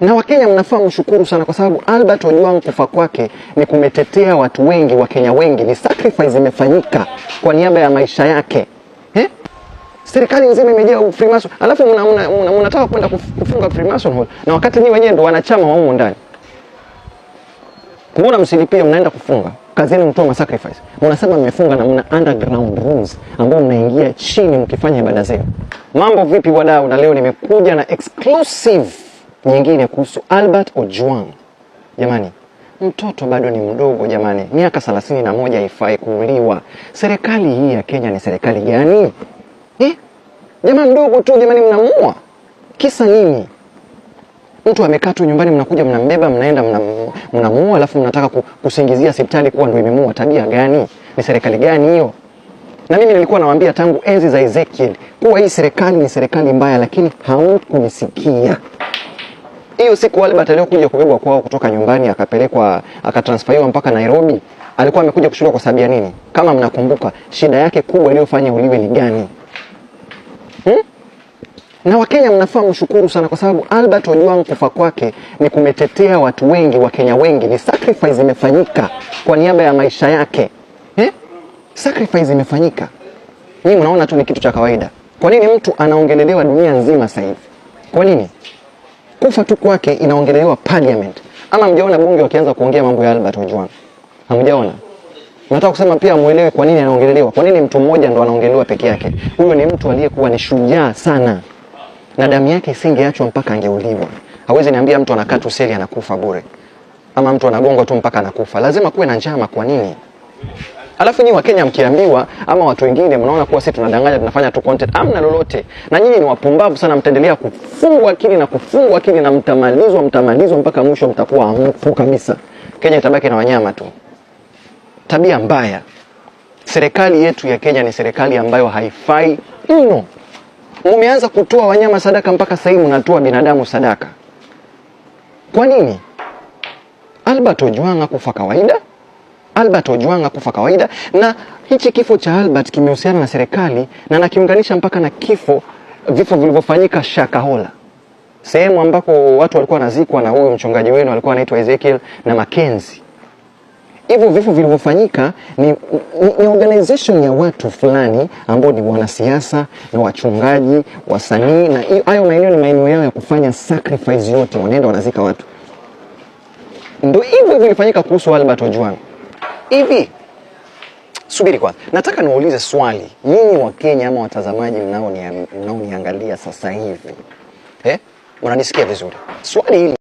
Na Wakenya mnafaa mshukuru sana kwa sababu Albert Ojwang kufa kwake ni kumetetea watu wengi, Wakenya wengi, ni sacrifice imefanyika kwa niaba ya maisha yake eh? Serikali nzima imejaa Freemason, alafu mnataka mna, mna, mna kwenda kufunga Freemason hall na wakati ni wenyewe ndo wanachama wa humo ndani. Mbona msilipie? Mnaenda kufunga kazi yenu, mtoa sacrifice, mnasema mmefunga na mna underground rooms ambao mnaingia chini mkifanya ibada zenu. Mambo vipi wadau? Na leo nimekuja na exclusive nyingine kuhusu Albert Ojwang. Jamani, mtoto bado ni mdogo jamani, miaka thelathini na moja haifai kuuliwa. Serikali hii ya Kenya ni serikali gani eh? Jamani, mdogo tu jamani, mnamua kisa nini? Mtu amekaa tu nyumbani, mnakuja mnambeba, mnaenda mnamua, alafu mnataka kusingizia hospitali kuwa ndio imemua. Tabia gani? Ni serikali gani hiyo? Na mimi nilikuwa nawaambia tangu enzi za Ezekiel kuwa hii serikali ni serikali mbaya, lakini hamkunisikia. Hiyo siku wale batalio kuja kubebwa kwao kutoka nyumbani akapelekwa akatransferiwa mpaka Nairobi, alikuwa amekuja kushuka kwa sababu ya nini? Kama mnakumbuka, shida yake kubwa iliyofanya uliwe ni gani? Hmm? Na Wakenya mnafaa mshukuru sana, kwa sababu Albert Ojwang kufa kwake ni kumetetea watu wengi, Wakenya wengi, ni sacrifice imefanyika kwa niaba ya maisha yake eh? Sacrifice imefanyika, nyinyi mnaona tu ni kitu cha kawaida. Kwa nini mtu anaongelelewa dunia nzima sasa hivi? Kwa nini? kufa tu kwake inaongelewa parliament. Ama mjaona bunge wakianza kuongea mambo ya Albert Ojwang? Hamjaona? Nataka kusema pia muelewe kwa nini anaongelelewa. Kwa nini mtu mmoja ndo anaongelewa peke yake? Huyo ni mtu aliyekuwa ni shujaa sana. Na damu yake isingeachwa mpaka angeuliwa. Hawezi niambia mtu anakaa tu seli anakufa bure. Ama mtu anagongwa tu mpaka anakufa. Lazima kuwe na njama kwa nini? Alafu nyinyi Wakenya mkiambiwa ama watu wengine mnaona kuwa sisi tunadanganya tunafanya tu content amna lolote. Na nyinyi ni wapumbavu sana, mtaendelea kufungwa akili na kufungwa akili na mtamalizwa mtamalizwa mpaka mwisho mtakuwa hamfu kabisa. Kenya itabaki na wanyama tu. Tabia mbaya. Serikali yetu ya Kenya ni serikali ambayo haifai mno. Mumeanza kutoa wanyama sadaka mpaka sasa hivi mnatoa binadamu sadaka. Kwa nini? Albert Ojwang' kufa kawaida? Albert Ojwanga kufa kawaida, na hichi kifo cha Albert kimehusiana na serikali na nakiunganisha mpaka na kifo vifo vilivyofanyika Shakahola, sehemu ambako watu walikuwa wanazikwa na huyu mchungaji wenu alikuwa anaitwa Ezekiel na Makenzi. Hivyo vifo vilivyofanyika ni, ni, ni organization ya watu fulani ambao ni wanasiasa na wachungaji, wasanii, na hayo maeneo ni maeneo yao ya kufanya sacrifice yote, wanaenda wanazika watu. Ndio hivyo vilifanyika kuhusu Albert Ojwang hivi. Subiri kwanza, nataka niwaulize swali nyinyi wa Kenya ama watazamaji mnaoniangalia sasa hivi eh? Unanisikia vizuri? Swali hili